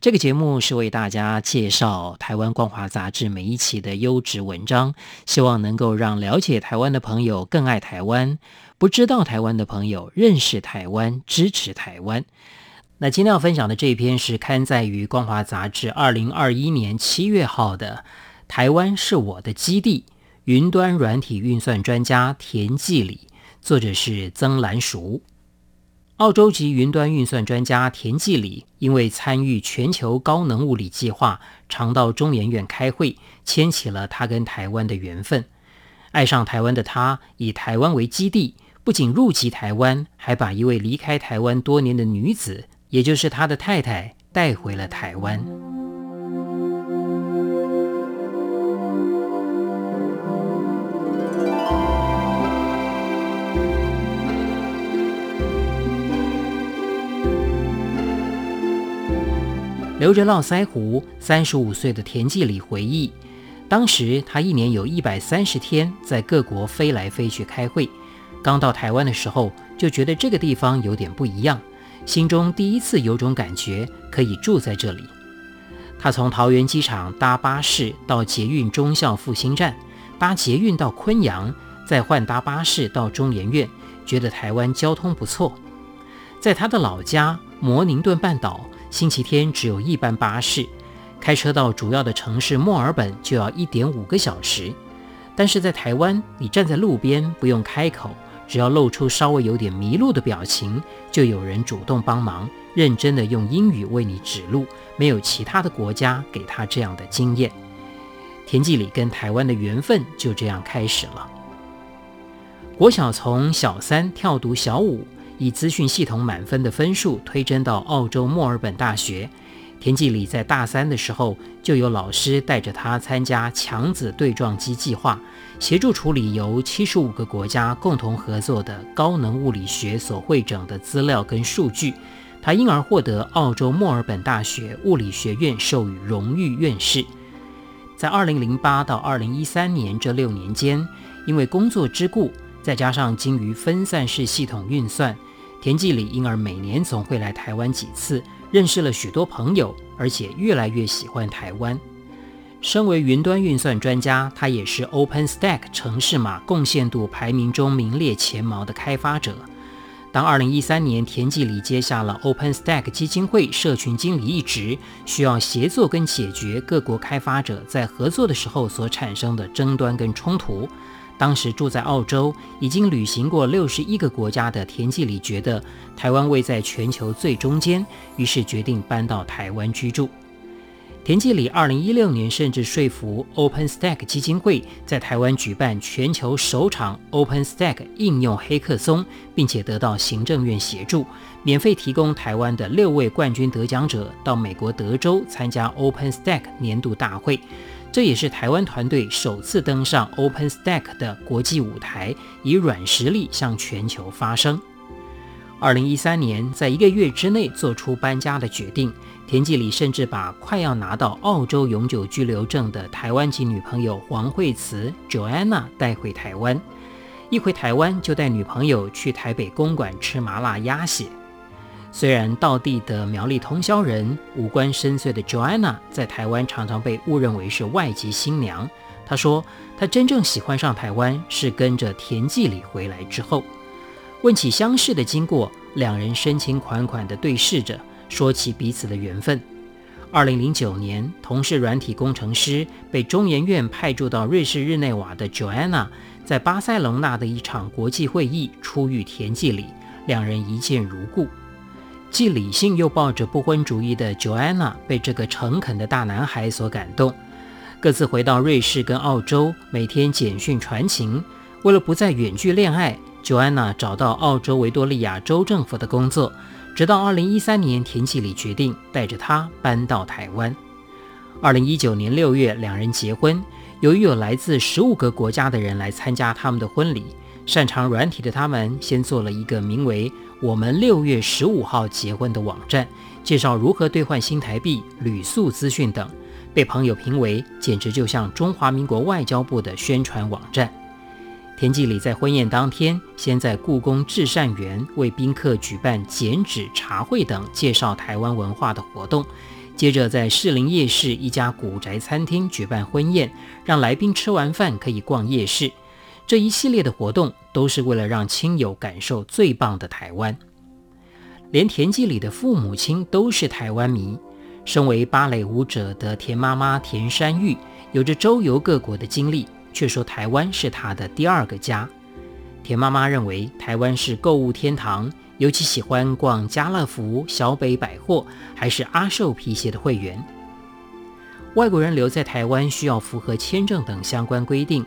這個節目是為大家介紹台灣光華雜誌每一期的優質文章，希望能夠讓了解台灣的朋友更愛台灣，不知道台灣的朋友認識台灣，支持台灣。那今天要分享的這篇是刊載於《光華雜誌》2021年7月號的《台灣是我的基地》，雲端軟體運算專家田記禮，作者是曾蘭淑。澳洲籍雲端運算專家田記禮，因為參與全球高能物理計劃，常到中研院開會，牽起了他跟台灣的緣分。愛上台灣的他，以台灣為基地，不僅入籍台灣，還把一位離開台灣多年的女子，也就是他的太太，帶回了台灣。留着絡腮鬍，三十五歲的田記禮回憶，當時他一年有一百三十天在各國飛來飛去開會。剛到台灣的時候，就覺得這個地方有點不一樣，心中第一次有種感覺，可以住在這裡。他從桃園機場搭巴士到捷運忠孝復興站，搭捷運到昆陽，再換搭巴士到中研院，覺得台灣交通不錯。在他的老家摩寧頓半島，星期天只有一班巴士，開車到主要的城市墨爾本就要一點五個小時。但是在台灣，你站在路邊不用開口，只要露出稍微有點迷路的表情，就有人主動幫忙，認真的用英語為你指路。沒有其他的國家給他這樣的經驗。田記禮跟台灣的緣分就這樣開始了。國小從小三跳讀小五。以資訊系統滿分的分數推甄到澳洲墨爾本大學，田記禮在大三的時候就有老師帶着他參加強子對撞機計劃，協助處理由七十五個國家共同合作的高能物理學所彙整的資料跟數據，他因而獲得澳洲墨爾本大學物理學院授予榮譽院士。在二零零八到二零一三年這六年間，因為工作之故，再加上精於分散式系統運算。田記禮因而每年總會來台灣幾次，認識了許多朋友，而且越來越喜歡台灣。身為雲端運算專家，他也是 OpenStack 程式碼貢獻度排名中名列前茅的開發者。當2013年田記禮接下了 OpenStack 基金會社群經理一職，需要協作跟解決各國開發者在合作的時候所產生的爭端跟衝突。當時住在澳洲，已經旅行過六十一個國家的田記禮覺得台灣位在全球最中間，於是決定搬到台灣居住。田記禮二零一六年甚至說服 OpenStack 基金會，在台灣舉辦全球首場 OpenStack 應用黑客松，並且得到行政院協助，免費提供台灣的六位冠軍得獎者到美國德州參加 OpenStack 年度大會。這也是台灣團隊首次登上 OpenStack 的國際舞台，以軟實力向全球發聲。二零一三年，在一個月之內做出搬家的決定，田記禮甚至把快要拿到澳洲永久居留證的台灣籍女朋友黃惠慈 （Joanna） 帶回台灣。一回台灣就帶女朋友去台北公館吃麻辣鴨血。雖然道地的苗栗通霄人、五官深邃的 Joanna 在台灣常常被誤認為是外籍新娘。她說，她真正喜歡上台灣是跟着田記禮回來之後。問起相識的經過，兩人深情款款地對視着，說起彼此的緣分。二零零九年，同是軟體工程師，被中研院派駐到瑞士日內瓦的 Joanna，在巴塞隆納的一場國際會議初遇田記禮，兩人一見如故。既理性又抱着不婚主義的 Joanna 被這個誠懇的大男孩所感動，各自回到瑞士跟澳洲，每天簡訊傳情。為了不再遠距戀愛，Joanna 找到澳洲維多利亞州政府的工作，直到2013年田記禮決定帶着她搬到台灣。2019年6月，兩人結婚。由於有來自十五個國家的人來參加他們的婚禮，擅長軟體的他們先做了一個名為“我們六月十五號結婚”的網站，介紹如何兌換新台幣、旅宿資訊等，被朋友評為簡直就像中華民國外交部的宣傳網站。田記禮在婚宴當天，先在故宮至善園為賓客舉辦剪紙茶會等介紹台灣文化的活動。接着在士林夜市一家古宅餐廳舉辦婚宴，讓來賓吃完飯可以逛夜市。這一系列的活動都是為了讓親友感受最棒的台灣。連田記禮的父母親都是台灣迷。身為芭蕾舞者的田媽媽田山玉有着周遊各國的經歷，卻說台灣是她的第二個家。田媽媽認為台灣是購物天堂。尤其喜歡逛家樂福、小北百貨，還是阿壽皮鞋的會員。外國人留在台灣需要符合簽證等相關規定。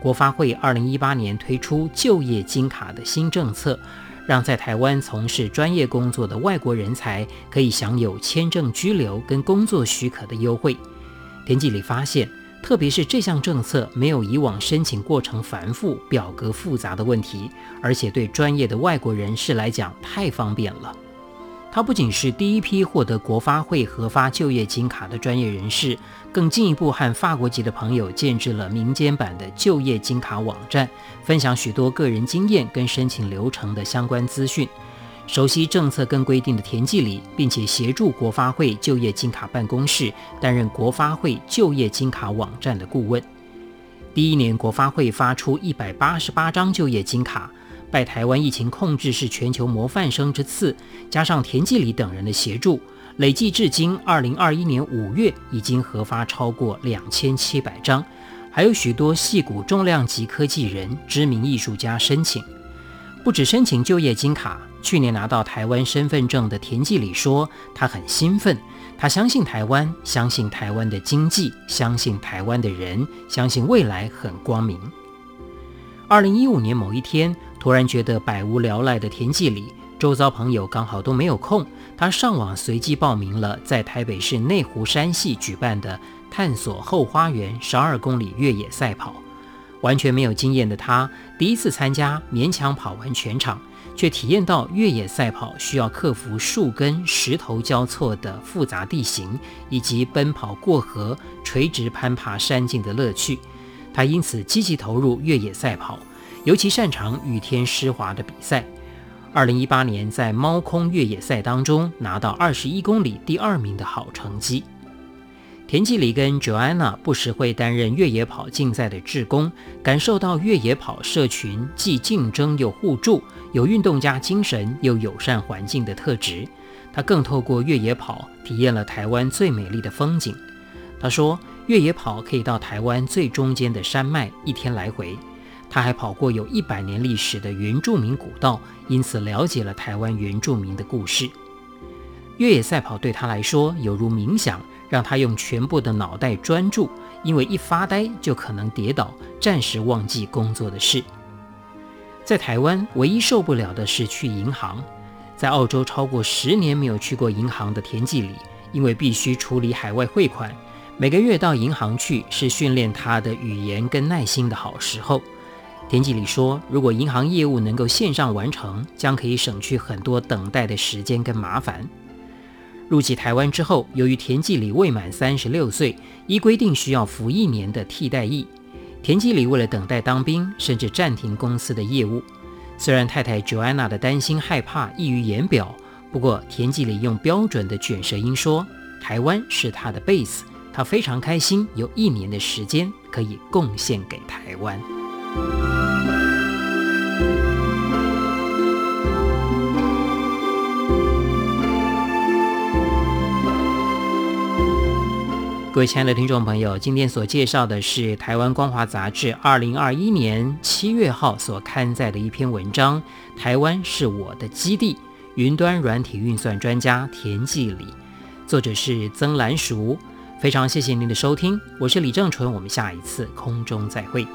國發會二零一八年推出就業金卡的新政策，讓在台灣從事專業工作的外國人才可以享有簽證居留跟工作許可的優惠。田記禮發現。特別是這項政策沒有以往申請過程繁複、表格複雜的問題，而且對專業的外國人士來講太方便了。他不僅是第一批獲得國發會核發就業金卡的專業人士，更進一步和法國籍的朋友建置了民間版的就業金卡網站，分享許多個人經驗跟申請流程的相關資訊。熟悉政策跟規定的田記禮，並且協助國發會就業金卡辦公室擔任國發會就業金卡網站的顧問。第一年國發會發出一百八十八張就業金卡，拜台灣疫情控制是全球模範生之賜，加上田記禮等人的協助，累計至今二零二一年五月已經核發超過兩千七百張，還有許多矽谷、重量級科技人、知名藝術家申請，不止申請就業金卡。去年拿到台灣身份證的田記禮說，他很興奮，他相信台灣，相信台灣的經濟，相信台灣的人，相信未來很光明。二零一五年某一天，突然覺得百無聊賴的田記禮，周遭朋友剛好都沒有空，他上網隨機報名了在台北市內湖山系舉辦的探索後花園十二公里越野賽跑，完全沒有經驗的他第一次參加，勉強跑完全場。卻體驗到越野賽跑需要克服樹根、石頭交錯的複雜地形，以及奔跑過河、垂直攀爬山徑的樂趣。他因此積極投入越野賽跑，尤其擅長雨天濕滑的比賽。二零一八年在貓空越野賽當中拿到二十一公里第二名的好成績。田記禮跟 Joanna 不時會擔任越野跑競賽的志工，感受到越野跑社群既競爭又互助，有運動家精神又友善環境的特質。他更透過越野跑體驗了台灣最美麗的風景。他說，越野跑可以到台灣最中間的山脈一天來回。他還跑過有一百年歷史的原住民古道，因此了解了台灣原住民的故事。越野賽跑對他來說有如冥想。讓他用全部的腦袋專注，因為一發呆就可能跌倒，暫時忘記工作的事。在台灣，唯一受不了的是去銀行。在澳洲超過十年沒有去過銀行的田記禮，因為必須處理海外匯款，每個月到銀行去是訓練他的語言跟耐心的好時候。田記禮說，如果銀行業務能夠線上完成，將可以省去很多等待的時間跟麻煩。入籍台灣之後，由於田記禮未滿三十六歲，依規定需要服一年的替代役。田記禮為了等待當兵，甚至暫停公司的業務。雖然太太 Joanna 的擔心害怕溢於言表，不過田記禮用標準的捲舌音說：“台灣是他的 base，他非常開心有一年的時間可以貢獻給台灣。”各位親愛的聽眾朋友，今天所介紹的是台灣光華雜誌二零二一年七月號所刊載的一篇文章，《台灣是我的基地》，雲端軟體運算專家田記禮，作者是曾蘭淑。非常謝謝您的收聽，我是李正純，我們下一次空中再會。